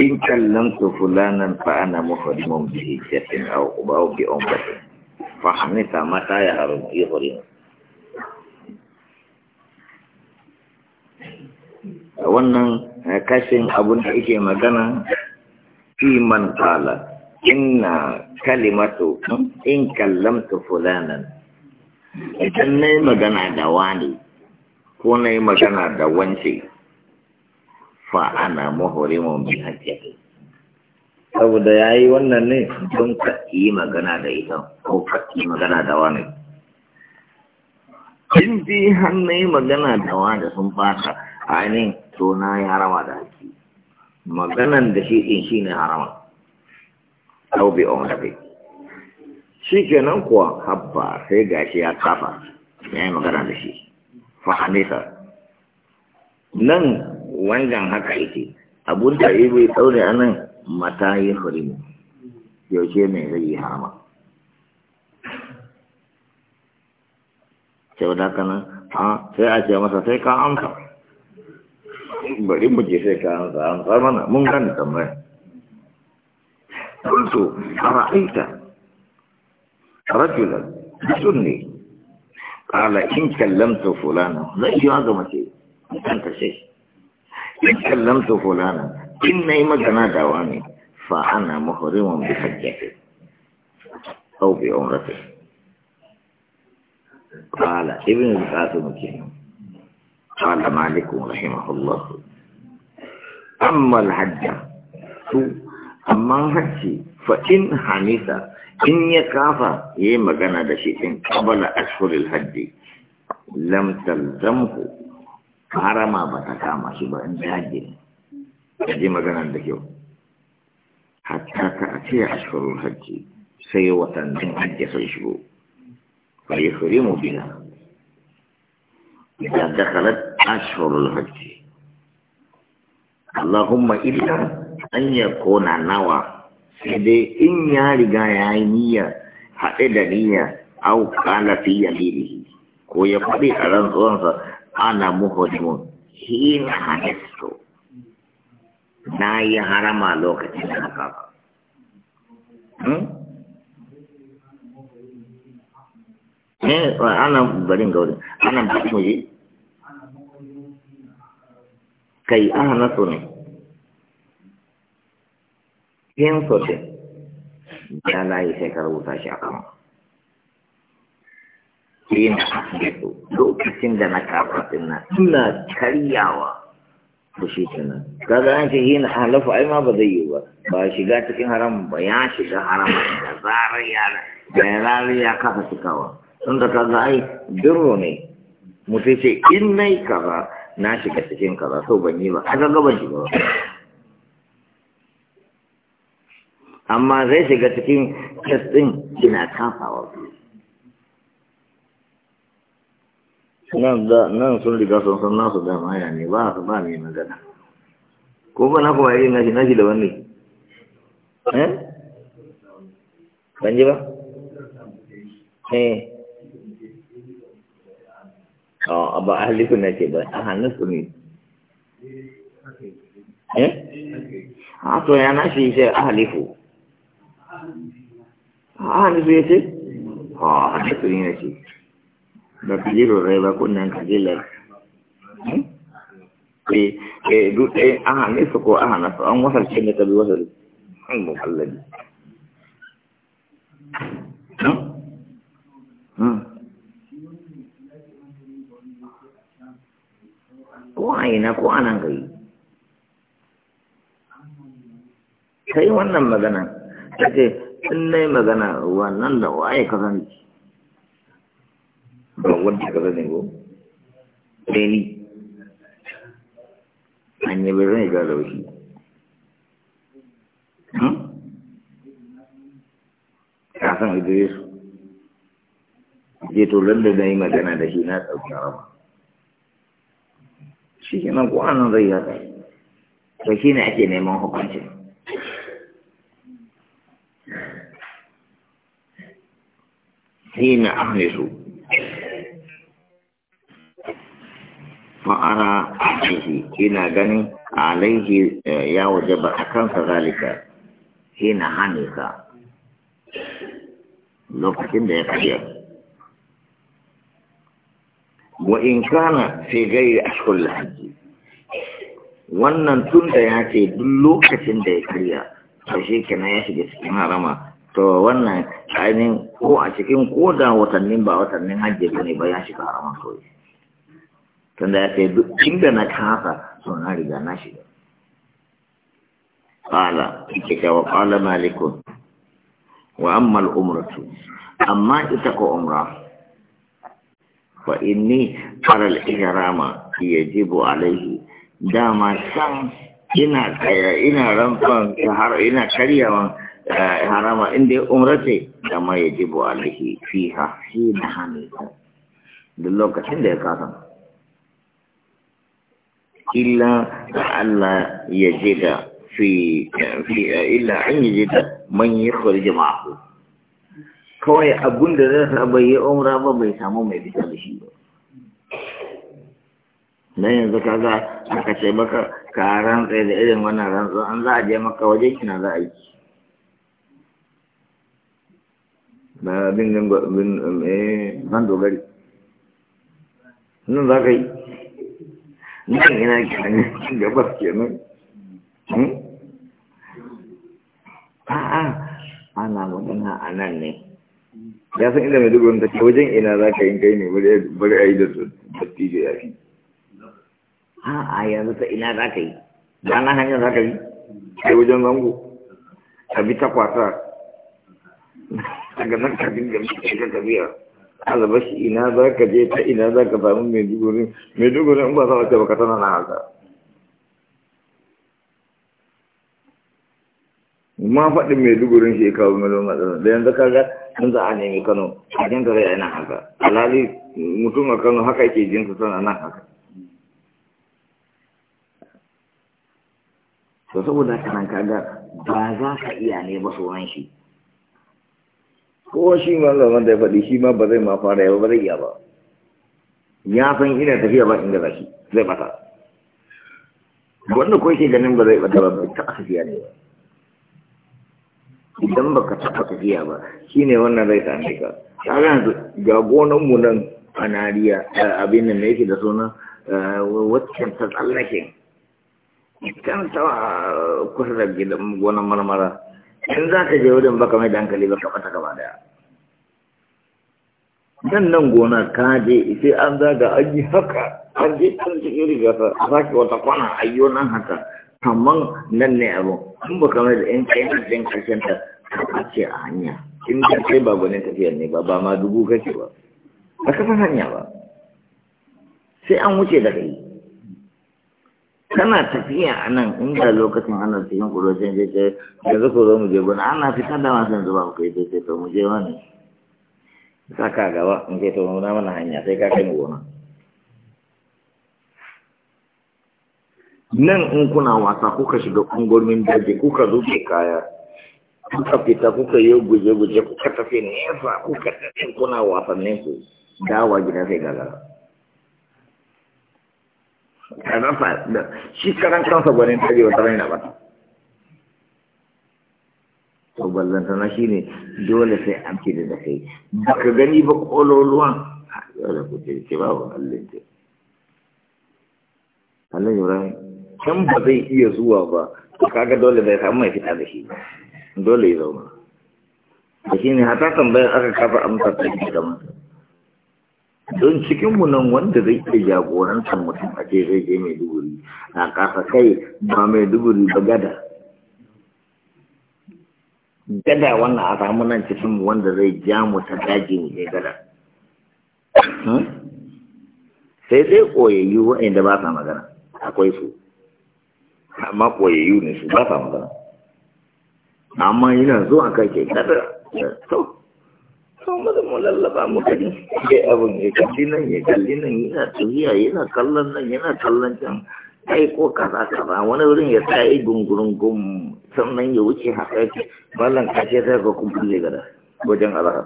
in su fulanan fa ana muhrimun bi hijjatin aw ubaw bi umratin fa ta mata ya harum A wannan kashin abun da magana iman man inna kalimatu in su fulanan idan nayi magana da wani ko nayi magana da wance fa ana muhrimun bi hajjati saboda yayi wannan ne don ka yi magana da ita ko ka yi magana da wani in bi hannai magana da wani sun fata ne to na ya rama da haƙi maganan da shi din shi ne harama au bi umrati shi kenan kuwa habba sai gashi ya kafa ya yi magana da shi fa hanisa nan wannan haka yake abun da ibi tsaure a nan mata yi hurimu yaushe ne zai yi hama sau da kana Ha, sai a ce masa sai ka amsa bari mu ce sai ka amsa amsa mana mun gani tambaya قلت أرأيت رجلا سني قال إن كلمت فلانا زي هذا ما شيء kanta شيء إن كلمت فلانا إني مجنى دواني فأنا محرم بحجته أو بعمرته قال ابن القاسم كينو قال مالك رحمه الله أما الحج أما الحج فإن حنيت إن يكافى إيه يمكن هذا شيء قبل أشهر الحج لم تلزمه harama ba ta kama shi ba in daji ne ka ji maganar da kyau hatta ka a ce a shirin hajji sai watannin hajji sun shigo ba yi shiri mu bina idan dakalar a shirin hajji Allahumma illa an yi kona nawa sai dai in ya riga ya yi niyyar haɗe da niyyar au kala fi ko ya faɗi a rantsuwansa ana muhrimun hina hanistu na yi harama lokacin da haka hmm? eh ana bari gauri ana barin muje kai ana nasu ne yin sote ya y'i sai ka rubuta shi a kama kena da na karɓa din nan suna karyawa da shi kaga an ce yin halafa ai ma ba zai yi ba ba shiga cikin haram ba ya shiga haram da zarar ya kafa cikawa sun da kaga ai duro ne ce in nai kaza na shiga cikin kaza so ban yi ba a ga ban shiga ba amma zai shiga cikin kasɗin kina kafawa biyu nan sun riga sun san nasu da maya ne ba su ba ne magana ko ba na kuma irin nashi nashi daban ne eh ban ji ba eh a ba ahaliku na ce ba a hannunsu ne eh a to ya nashi sai yi a ya ce a ah, hannunsu ne ya ce ba ka jiro rai ba kunnen ka jilar hmm? eh eh dutse eh, ne su ko an hana su an ce ne ta bi wasal an mu Allah hmm? Hmm. ko a ina ko anan kai kai wannan magana ta kace in nayi magana wannan da waye ka sani ba wanda ka zane ko sai an yi bai zane ga laushi ka hmm? san idris je to lalle da yi magana da shi na ɗauki rama shi ke nan kwanan zai yada to shi ne ake neman hukuncin na ne su. fa'ara alaihi ina ganin alaihi eh, ya waje ba a kansa zalika hina ka. lokacin da ya kariya wa in kana fi gairi cikin hajji wannan tun da ya ce duk lokacin da ya karya a shi kenan ya shiga cikin harama to wannan ainihin ko a cikin koda watannin ba watannin hajji ba ne ba ya shiga harama kawai Tanda ya ce duk inda na kasa so na riga na shiga ƙala ike ga wa malikun wa amma al umratu amma ita ko umra fa inni ara al ihrama yajibu alaihi dama san ina ina ranfan har ina karyawan eh, harama inda umra ce dama yajibu alayhi fiha shi na hannu duk lokacin da ya kasa ya ألا يجد في, في إلا أن يجد من يخرج jama'a. kawai abun da zai sa bai yi umra ba bai samu mai fita da shi ba na yanzu ka za aka ce maka ka rantsa da irin wannan rantsa an za a je maka waje kina za a yi na bin bin eh ban dogari nan za ka yi nan yana kenan gabas kenan hmm? a'a ana magana a nan ne ya san inda mai dubin ta wajen ina za ka yin kai ne bari a yi da da ya fi a'a yanzu ta ina za ka yi da ana hanyar za ka yi Sai wajen zango ka bi ta kwasa daga nan ka dinga mai ka biya albashi ina za ka je ta ina za ka samu maiduguri maiduguri in ba za a ce baka tana na haka ma faɗi maidugurin shi kawo milo matsala da yanzu kaga in za a nemi kano a jinka zai yana haka alhali mutum a kano haka yake jinka sana nan haka to saboda haka nan kaga ba za ka iya ne ba shi ko shi ma zama da ya faɗi shi ma ba zai ma fara yawa ba zai iya ba ya san ina tafiya ba inda zaki zai bata wanda ko ke ganin ba zai bata ba ba ta tafiya ne ba idan ba ka taɓa tafiya ba shi ne wannan zai same ka ta yanzu ga gonan mu nan a nariya abin da yake da suna waccan ta tsallake kan ta kusa da gidan gonan marmara in za ka je wurin baka mai da hankali baka fata gaba daya nan nan gona ka je sai an zaga an yi haka an je an iri gasa. ta zaki wata kwana ayyo nan haka amma nan ne abu in baka mai da yan kayan jin karshen ta ka ce a hanya in da ce ba gwanin tafiyar ne ba ba ma dubu kake ba A kafa hanya ba sai an wuce da kai kana tafiya a nan inda lokacin ana cikin kudo sai je ce yanzu ku zo mu je gona ana fita da masu yanzu ba ku yi sai to mu je wani saka gaba in ce to na mana hanya sai ka kai mu gona nan in kuna wasa kuka shiga unguwarmin daji kuka zuke kaya kuka fita kuka yi guje-guje kuka tafi nesa kuka tafi kuna wasannin su dawa gida sai gagara ka rasa da shi karan kansa gwanin tare wata raina ba to ballanta na shine dole sai an fi da kai baka gani ba kololuwan dole ku ce ce babu Allah ce Allah Ibrahim can ba zai iya zuwa ba kaga dole bai samu mai fita da shi dole ya zauna da shi ne hata tambayar aka kafa amsa ta gida masa don cikinmu nan wanda zai iya jagorantar mutum a ce zai je mai duburi a kasa kai ba mai duburi ba gada gada wannan a samu nan cikinmu wanda zai ja mu ta daji mu gada hmm? sai sai koyayyu waɗanda ba sa magana akwai su amma koyayyu ne su ba sa magana amma yana zuwa kai ke kada sun maza mu lallaba mu gani ke abin ya kalli nan ya kalli nan yana tafiya yana kallon nan yana kallon can ai ko kaza kaza wani wurin ya sa yi gungurin gum sannan ya wuce haka yake mallan kashe sai ka kun bulle gada wajen alaka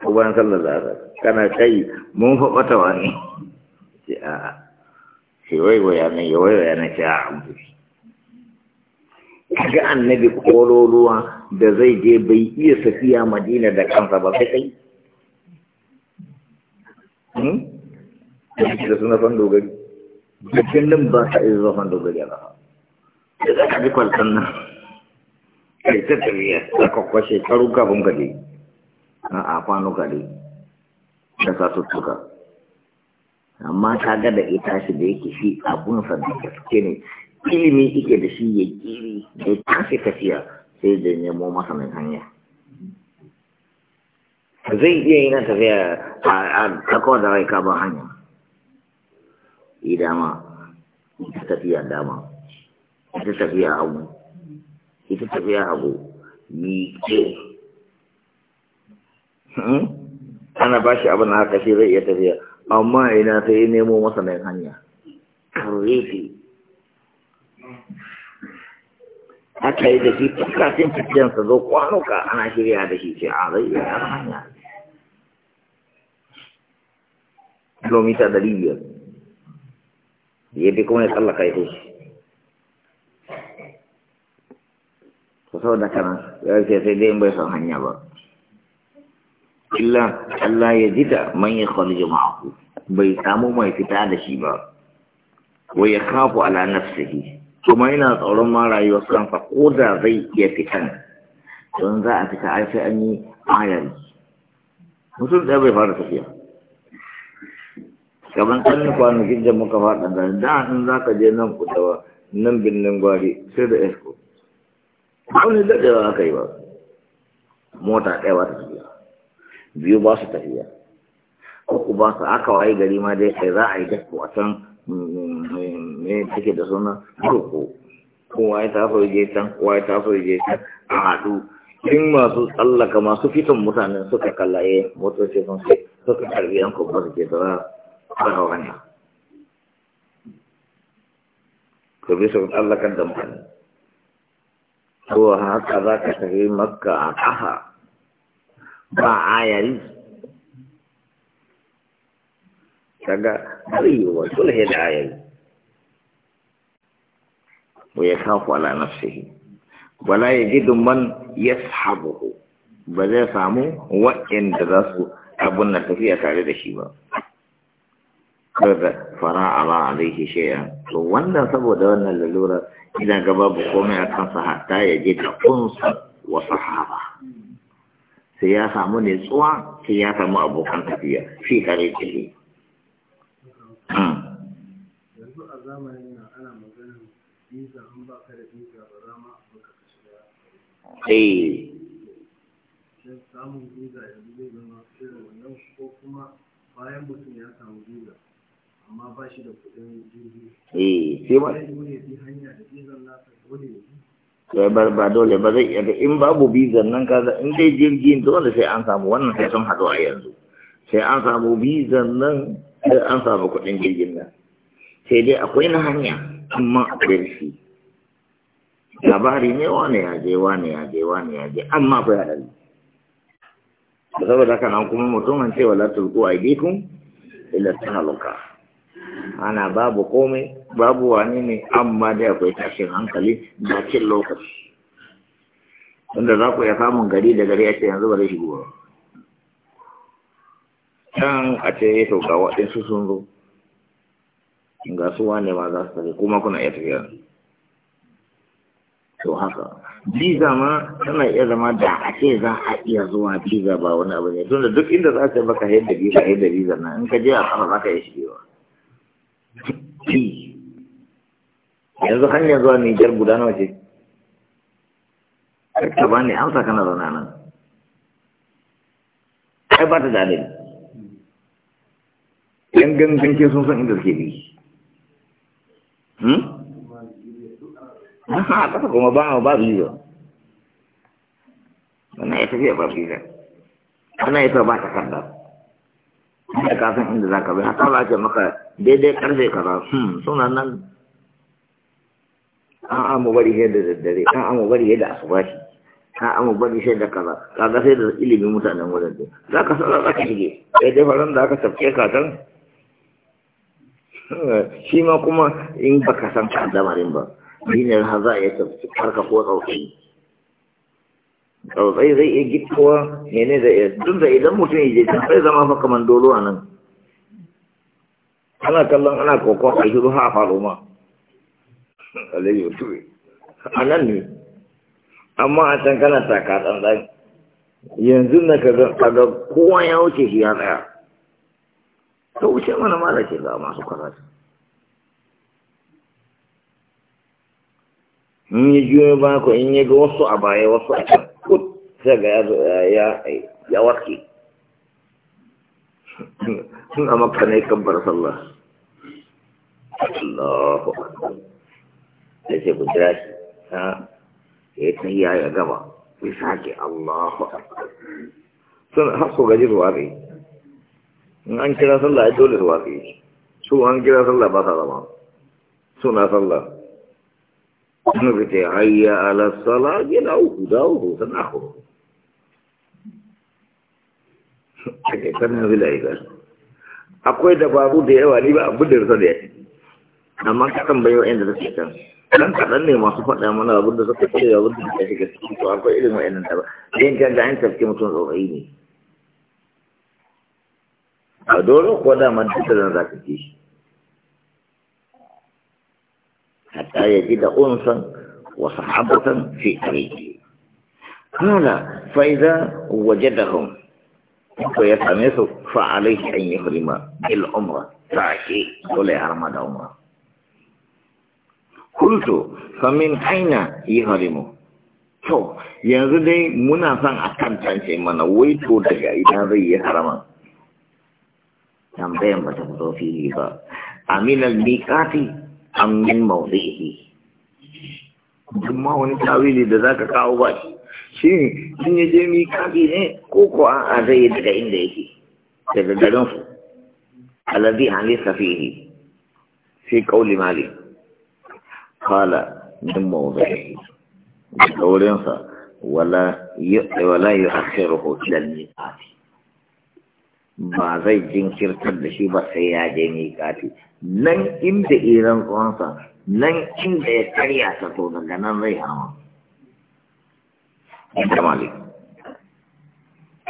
ko bayan sallar da kana kai mun fa batawa ne ce a ce wai waya nan ya wai waya nan ce a ga annabi kololuwa da zai je bai iya safiya madina da kansa ba sai kai hmm? da suna son dogari dukkan nan ba sa iya zuwa fan dogari a kafa da za ka ji kwaltan nan kai ta tafiya da kwakwa shekaru kafin ka je a kwano ka je da satuttuka amma ta ga da ita shi da yake shi abunsa da gaske ne ilimi ike da shi ya kiri da ya tafi tafiya sai da nemo masa mai hanya zai iya yi na tafiya a tako da rai kaban hanya yi dama ita tafiya dama ita tafiya abu, ita tafiya abu ni ke hmm? ana ba shi abin haka shi zai iya tafiya amma ina sai nemo masa mai hanya kan aka yi da shi tun kafin fitiyansa zo kwanuka ana shirya da shi ce a zai yi a hanya kilomita ɗari biyar ya bi kuma ya tsallaka ya shi ta sau da kanan ya ce sai dai bai san hanya ba illa Allah ya ji da manyan kwalji ma'aku bai samu mai fita da shi ba wai ya kafu ala nafsihi kuma yana tsoron ma rayuwar kansa ko da zai iya fitan don za a fita ai sai an yi ayari mutum ɗaya bai fara tafiya kaman ɗan kwanakin da muka faɗa da da in za ka je nan kudawa nan birnin gwari sai da esko wani daɗewa aka yi ba mota ɗaya ba ta tafiya biyu ba su tafiya uku ba su aka waye gari ma dai sai za a yi dasko a can mm, me take da suna roko kowa ya taso je can kowa ya taso je can a haɗu in masu tsallaka masu fitan mutanen suka kallaye motoci sun sai suka karbi yanku ba su ke zara a ne ku bi su tsallakan da mutane ko haka za ka tafi makka a ƙaha ba a yari kaga har wa sulhe da ayari ويخاف على نفسه ولا يجد من يصحبه بل يسامو وإن درسوا أبونا تفيا تعرض الشيبة kaga fara ala alaihi shay'a to wannan saboda wannan lalura idan ga babu komai a kansa hatta ya je da kunsa wa sahaba sai ya samu ne tsuwa sai ya samu abokan tafiya fi kare kile yanzu a zamanin nan ana maganar eh samun kuma ba eh, sai ba dole ba zai in babu bizan nan kaza in dai jirgin dole sai an samu wannan sai sun a yanzu sai an samu bizan nan sai an samu kuɗin jirgin nan sai dai akwai na hanya amma a shi labari ne wane ya je wane ya je wane ya je amma akwai hadari da saboda kana kuma mutum an ce wala tulku aidikum illa tahaluka ana babu komai babu wani ne amma dai akwai tashin hankali da cin lokaci wanda za ku iya samun gari da gari a ce yanzu ba zai shigo ba can a ce to ga waɗansu sun zo ga su wane ma za su tafi kuma kuna iya tafiya to haka visa ma tana iya zama da a ce za a iya zuwa visa ba wani abu ne tunda duk inda za ka yi baka yadda visa yadda visa na in ka je a kafa za ka yi shigewa yanzu hanyar zuwa nijar guda nawa ce ka ba ni amsa kana zauna nan ai ba ta dalili yan gangan ke sun san inda suke bi a ƙasa kuma ba babu yiwa wannan ya tafiya babu yiwa wannan ya tafiya ba ta kanda da kasan inda za ka bai haka ba ce maka daidai karfe kaza hmm, suna nan an ah, amu bari shi da daddare an ah, amu bari shi da asubashi an ah, amu bari shi da kaza kaga sai da ilimin mutanen eh, wajen za ka sauran za ka shige sai dai faran da aka tafke kakan Eh, shi ma kuma in ba ka san lamarin ba dinar haza ya tafi farka ko tsautsayi tsautsayi zai iya gittowa ne da iya tun da idan mutum ya je can sai zama fa kamar dolo a nan ana kallon ana kokon a shiru ha a faru ma alayyo tuwe a nan ne amma a can kana taka tsantsan yanzu na kaga kowa ya wuce shi ya tsaya to wuce mana malaki ga masu karatu in yi juyo ba ku in yi ga wasu a baya wasu a can kut sai ga ya warke sun a maka ne kabbar sallah Allahu akbar sai sai ku jira shi ha ya yi ya gaba ya sake Allahu akbar sun har ku gaji ruwa ne in an kira sallah ai dole su watsi su an kira sallah ba sa zama suna sallah sun fita hayya ala sala gina uku da uku sana huru ake kanin zila ita akwai dabaru da yawa ni ba abu da rasa da ya amma ka tambayi 'yan da suke kan dan kaɗan ne masu faɗa mana abin da suka ce abin da suka shiga cikin to akwai irin wa'yan da ba yin kan ga an tafke mutum tsotsai ne a dole ko da man tattalin za ka ci shi hatta ya ji da unsan wa sahabatan fi aiki kala fa'iza wajadahum ko ya same su fa shi an yuhrima bil umra tashi dole ma da umra kulto famin aina yuhrimu to yanzu dai muna son a tantance mana wai to daga idan zai yi harama tambayan ba ta fito fili ba aminal miqati am min mawdihi kuma wani tawili da zaka kawo ba shi in ya je miqati ne ko ko a zai daga inda yake daga garin su alladhi halisa fihi fi qawli malik Kala min mawdihi da wurinsa wala yi wala yu'akhiruhu ila al-miqati ba zai jinkirtar da shi ba sai ya je mai kati nan inda iran tsohonsa nan inda ya karya ta to daga nan zai hama ita malik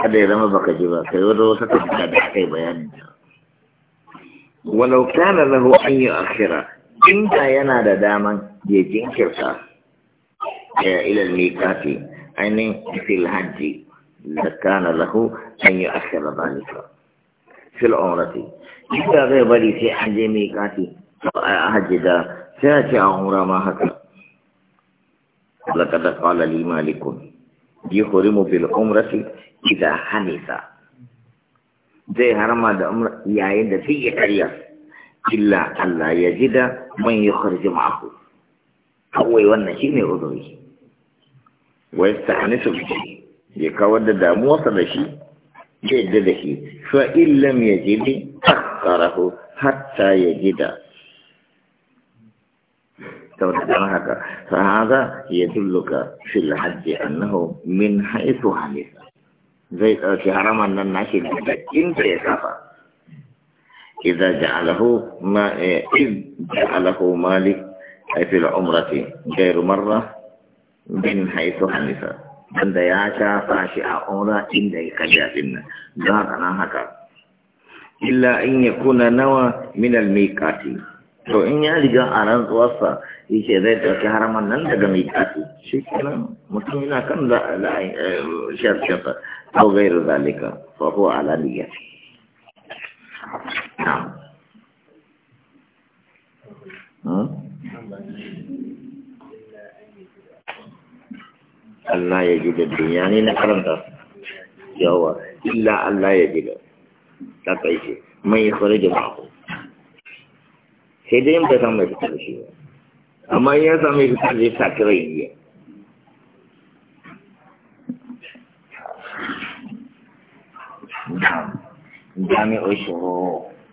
kada ya zama baka ji ba kai wata wata tabbata da aka yi bayanin ta walau kana lahu an yi akhira inda yana da daman ya jinkirta ya ilal miqati ainihin fil hajji لكان له أن يؤخر ذلك fil umrati inda zai bari sai an je mai kati a hajji da sai a ce an umra ma haka laqad qala li malikun yuhrimu bil umrati idha hanisa zai harma da umra yayin da sai ya karya illa Allah ya jida man yukhrij ma'ahu kawai wannan shine uzuri wa yasta'nisu bihi ya kawar da damuwarsa da shi جدده فإن لم يجد أخره حتى يجد فهذا يدلك في الحج أنه من حيث حنيف زي حرام أن الناس إن كفى إذا جعله ما إذ جعله مالك في العمرة غير مرة من حيث حنيفة wanda ya shafa shi a aura inda ya karya din nan za ka nan haka illa in ya kuna nawa min miqati to in ya riga a rantsuwarsa yake zai ɗauki haraman nan daga miqati shi kenan mutum yana kan da sharfinsa ko gairu zalika fa huwa ala niyyati na'am hmm? Allah ya ji da duniya ne na karanta yawa illa Allah ya ji da ta kai shi mai kare da mako sai dai in ba san mai fitar shi ba amma ya san mai fitar da ta kira yi jami'o shuru